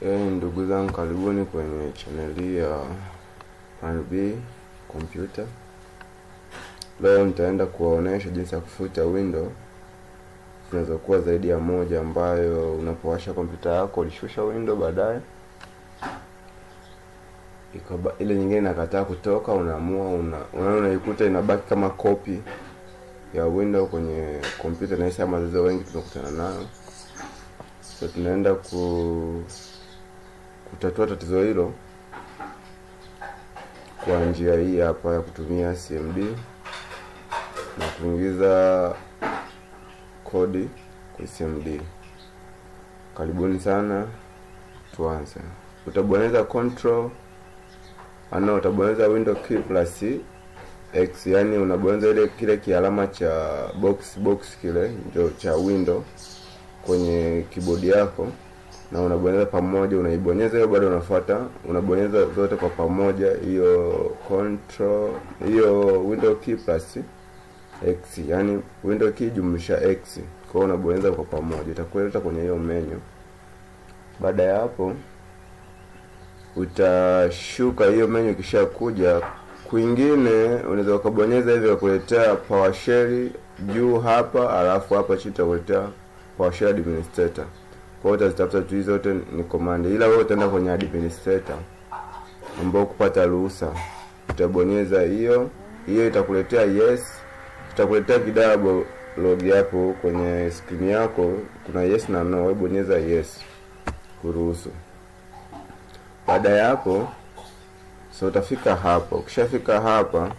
Hey, eh, ndugu zangu karibuni kwenye chaneli ya P computer. Leo nitaenda kuwaonesha jinsi ya kufuta window zinazokuwa zaidi ya moja, ambayo unapowasha kompyuta yako ulishusha window, baadaye ile nyingine inakataa kutoka, unaamua unaona unaikuta inabaki kama copy ya window kwenye kompyuta. hisa mazoezi wengi tunakutana nayo, so tunaenda ku kutatua tatizo hilo kwa njia hii hapa ya kutumia CMD na kuingiza kodi kwa CMD. Karibuni sana, tuanze. Utabonyeza control ana, utabonyeza window key plus x, yani unabonyeza ile kile kialama cha box box kile ndio cha window kwenye kibodi yako na unabonyeza pamoja, unaibonyeza hiyo, bado unafuata, unabonyeza zote kwa pamoja, hiyo control hiyo window key plus x, yani window key jumlisha x. Kwa hiyo unabonyeza kwa pamoja, itakuleta kwenye hiyo menu. Baada ya hapo, utashuka hiyo menu, kisha kuja kwingine, unaweza ukabonyeza hivi kuletea PowerShell juu hapa, alafu hapa chini utakuletea PowerShell administrator kwa hiyo utazitafuta tu hizo zote ni command, ila wewe utaenda kwenye administrator ambao kupata ruhusa, utabonyeza hiyo hiyo, itakuletea yes, itakuletea kidabo log hapo kwenye skrini yako, kuna yes na no, wewe bonyeza yes kuruhusu. Baada ya hapo, so utafika hapa. Ukishafika hapa,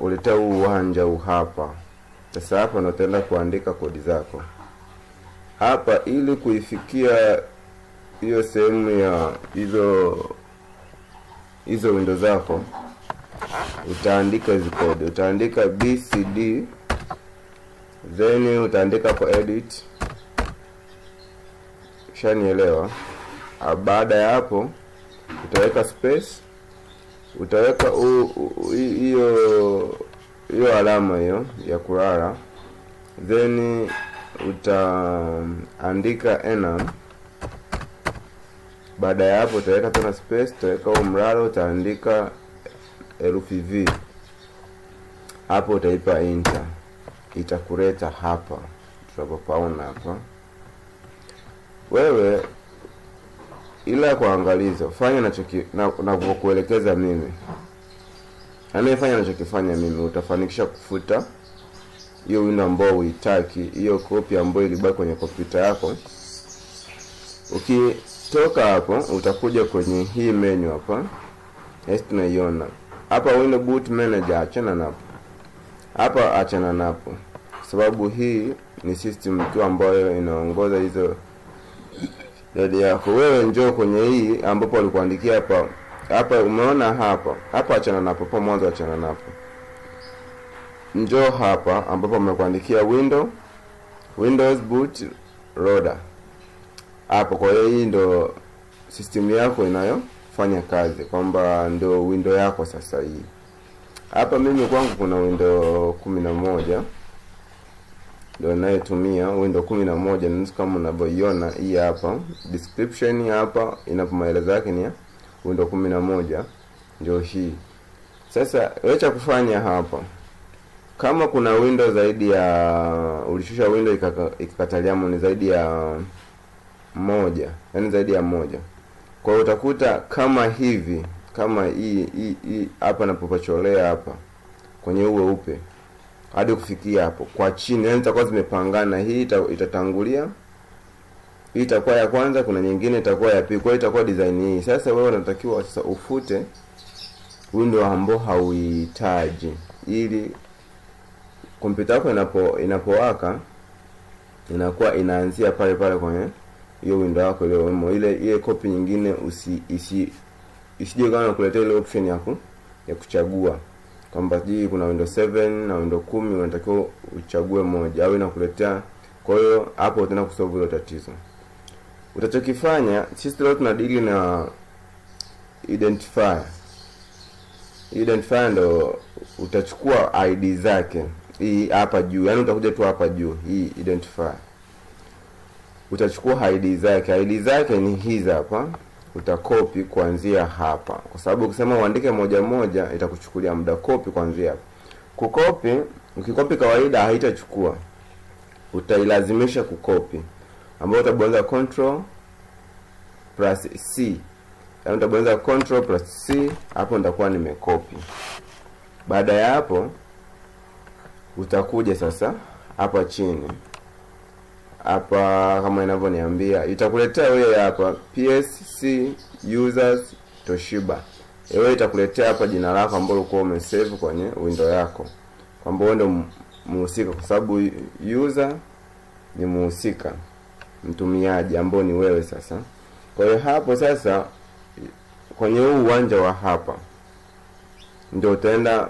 uletea huu uwanja uhapa Sasa hapa ndo utaenda kuandika kodi zako hapa ili kuifikia hiyo sehemu ya hizo hizo windo zako utaandika hizi kodi utaandika bcd then utaandika hapo edit ushanielewa ah, baada ya hapo utaweka space utaweka hiyo hiyo alama hiyo ya kulala then utaandika enum. Baada ya hapo utaweka tena space, utaweka huo mlalo, utaandika herufi v hapo, utaipa enter, itakuleta hapa tunapopaona hapa. Wewe ila kuangaliza fanya navyokuelekeza na, na mimi, anayefanya nachokifanya mimi, utafanikisha kufuta hiyo wino ambao huitaki, hiyo kopi ambayo ilibaki kwenye kompyuta yako. Ukitoka hapo, utakuja kwenye hii menu hapa, tunaiona hapa wino Boot Manager. Achana napo hapa, achana napo sababu hii ni system tu ambayo inaongoza hizo dadi yako. Wewe njoo kwenye hii ambapo alikuandikia hapa hapa, umeona hapa hapa, achana napo hapo mwanzo, achana napo njoo hapa ambapo amekuandikia window Windows boot loader hapo. Kwa hiyo hii ndo system yako inayofanya kazi, kwamba ndo window yako sasa. Hii hapa mimi kwangu kuna window kumi na moja ndo inayotumia window kumi na moja na nusu kama unavyoiona hii hapa. Description hapa inapo maelezo yake ni ya window kumi na moja ndio hii. Sasa wecha kufanya hapa kama kuna window zaidi ya ulishusha window ikakatalia ni zaidi ya moja, yani zaidi ya moja. Kwa hiyo utakuta kama hivi, kama hii hii hapa napopacholea hapa kwenye huu weupe hadi kufikia hapo kwa chini, yani zitakuwa zimepangana. Hii itatangulia, hii itakuwa ya kwanza, kuna nyingine itakuwa ya pili. Kwa hiyo itakuwa design hii. Sasa wewe unatakiwa sasa ufute window ambao hauhitaji ili kompyuta yako inapo inapowaka inakuwa inaanzia pale pale kwenye hiyo window yako iliyowemo. Ile ile copy nyingine usi isi isije kama nakuletea ile option yako ya kuchagua kwamba hii kuna window 7 na window 10 unatakiwa uchague moja au inakuletea. Kwa hiyo hapo utaenda kusolve hilo tatizo. Utachokifanya, sisi leo tuna deal na identifier. Identifier ndo utachukua ID zake hii hapa juu, yaani utakuja tu hapa juu hii identify utachukua ID zake. ID zake ni hizi hapa, utakopi kuanzia hapa, kwa sababu ukisema uandike moja moja itakuchukulia muda. Kopi kuanzia hapa, kukopi. Ukikopi kawaida haitachukua, utailazimisha kukopi, ambayo utabonza control plus c, yaani utabonza control plus c, hapo nitakuwa nimekopi. Baada ya hapo utakuja sasa hapa chini hapa kama inavyoniambia itakuletea wewe hapa PSC users Toshiba. Wewe itakuletea hapa jina lako ambalo ulikuwa umesave kwenye window yako kwamba wewe ndio muhusika, kwa sababu user ni muhusika mtumiaji ambao ni wewe sasa. Kwa hiyo hapo sasa kwenye huu uwanja wa hapa ndio utaenda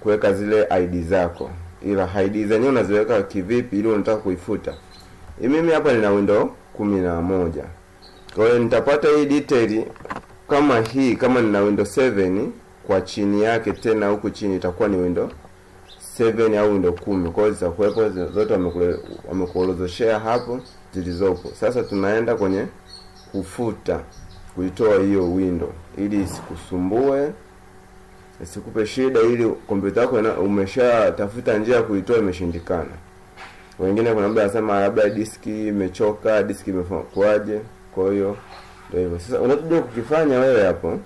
kuweka zile ID zako ila ID zenyewe unaziweka kivipi ili unataka kuifuta. Mimi hapa nina window kumi na moja. Kwa hiyo nitapata hii detail kama hii, kama nina window 7 kwa chini yake tena huku chini itakuwa ni window 7 au window kumi Kwa hiyo zitakuwepo zote wamekuorozoshea hapo zilizopo. Sasa tunaenda kwenye kufuta, kuitoa hiyo window ili isikusumbue sikupe shida, ili kompyuta yako umeshatafuta njia ya kuitoa imeshindikana. Wengine kuna mda anasema labda diski imechoka, diski imekuaje? Kwa hiyo ndio hivyo. Sasa unachojua kukifanya wewe hapo,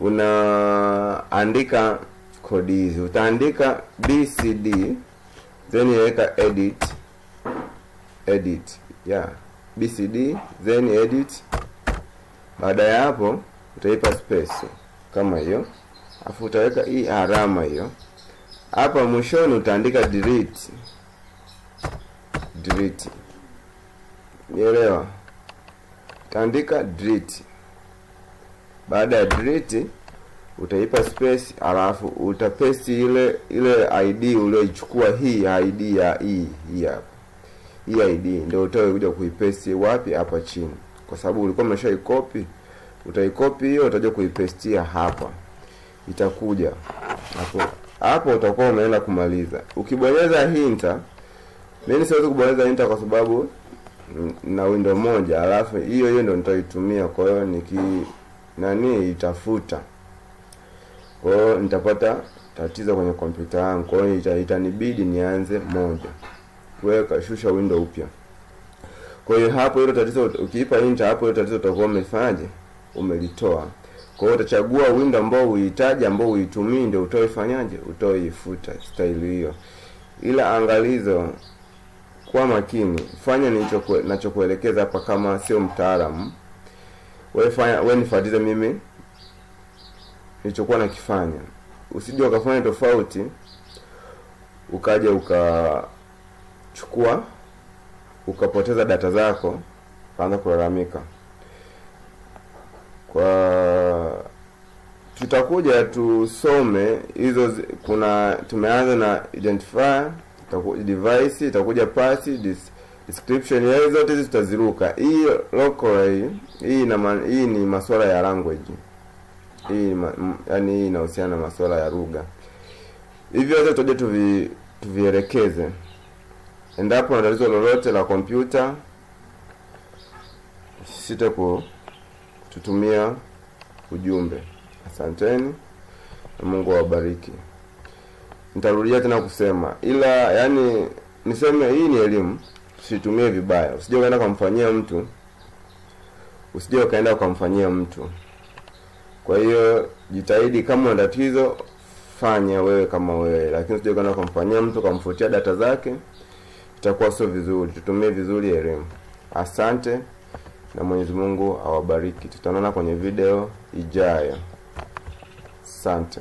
unaandika kodi hizi, utaandika bcd then iweka edit edit yeah bcd then edit. Baada ya hapo utaipa space kama hiyo, afu utaweka hii alama hiyo hapa mwishoni, utaandika delete delete, nielewa, utaandika delete. Baada ya delete utaipa space, alafu utapesti ile ile ID ulioichukua, hii ID ya hii e, hii hapa, hii ID ndio utakuja kuipesti wapi? Hapa chini, kwa sababu ulikuwa umeshaikopi utaikopi hiyo utaja kuipestia hapa itakuja hapo hapo utakuwa umeenda kumaliza ukibonyeza hinta mimi siwezi kubonyeza hinta kwa sababu na window moja alafu hiyo hiyo ndio nitaitumia kwa hiyo niki nani itafuta kwa hiyo nitapata tatizo kwenye kompyuta yangu kwa hiyo ita, itanibidi nianze moja weka shusha window upya kwa hiyo hapo hilo tatizo ukiipa hinta hapo hilo tatizo utakuwa umefanyaje umelitoa. Kwa hiyo utachagua window ambao uhitaji ambao uitumii, ndio utoe fanyaje, utoe ifuta staili hiyo. Ila angalizo, kwa makini, fanya ninachokuelekeza hapa. Kama sio mtaalamu wewe, fanya wewe, mimi nilichokuwa nakifanya, usije ukafanya tofauti ukaja ukachukua ukapoteza data zako, kaanza kulalamika kwa tutakuja tusome hizo kuna tumeanza na identifier tutakuja device itakuja pass this description hizo zote hizi tutaziruka hii local hii hii, na, hii ni masuala ya language hii ma, yani hii inahusiana na masuala ya lugha hivi zote tutaje tuvi, tuvielekeze endapo na tatizo lolote la kompyuta sisite kututumia ujumbe. Asanteni na Mungu awabariki. Nitarudia tena kusema, ila yani niseme hii ni elimu, usitumie vibaya. Usije ukaenda ukamfanyia mtu, usije ukaenda ukamfanyia mtu. Kwa hiyo jitahidi, kama una tatizo fanya wewe kama wewe, lakini usije ukaenda ukamfanyia mtu, ukamfutia data zake, itakuwa sio vizuri. Tutumie vizuri elimu. Asante na Mwenyezi Mungu awabariki. Tutaonana kwenye video ijayo. Sante.